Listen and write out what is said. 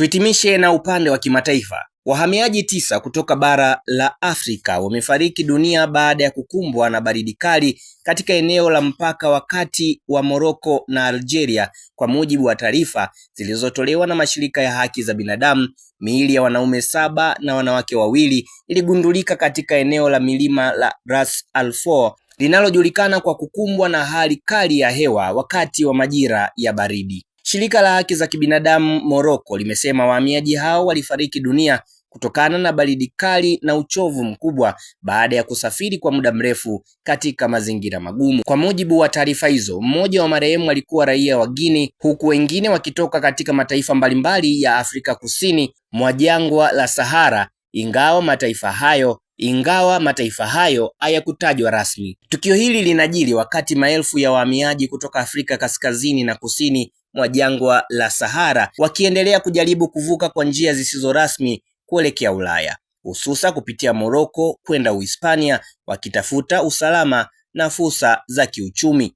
Tuhitimishe na upande wa kimataifa. Wahamiaji tisa kutoka bara la Afrika wamefariki dunia baada ya kukumbwa na baridi kali katika eneo la mpaka wa kati wa Morocco na Algeria, kwa mujibu wa taarifa zilizotolewa na mashirika ya haki za binadamu. Miili ya wanaume saba na wanawake wawili iligundulika katika eneo la milima la Ras al Four linalojulikana kwa kukumbwa na hali kali ya hewa wakati wa majira ya baridi. Shirika la haki za kibinadamu Morocco limesema wahamiaji hao walifariki dunia kutokana na baridi kali na uchovu mkubwa baada ya kusafiri kwa muda mrefu katika mazingira magumu. Kwa mujibu wa taarifa hizo, mmoja wa marehemu alikuwa raia wa Guinea, huku wengine wakitoka katika mataifa mbalimbali ya Afrika Kusini mwa jangwa la Sahara, ingawa mataifa hayo ingawa mataifa hayo hayakutajwa rasmi. Tukio hili linajiri wakati maelfu ya wahamiaji kutoka Afrika Kaskazini na Kusini mwa jangwa la Sahara wakiendelea kujaribu kuvuka kwa njia zisizo rasmi kuelekea Ulaya, hususa kupitia Moroko kwenda Uhispania wakitafuta usalama na fursa za kiuchumi.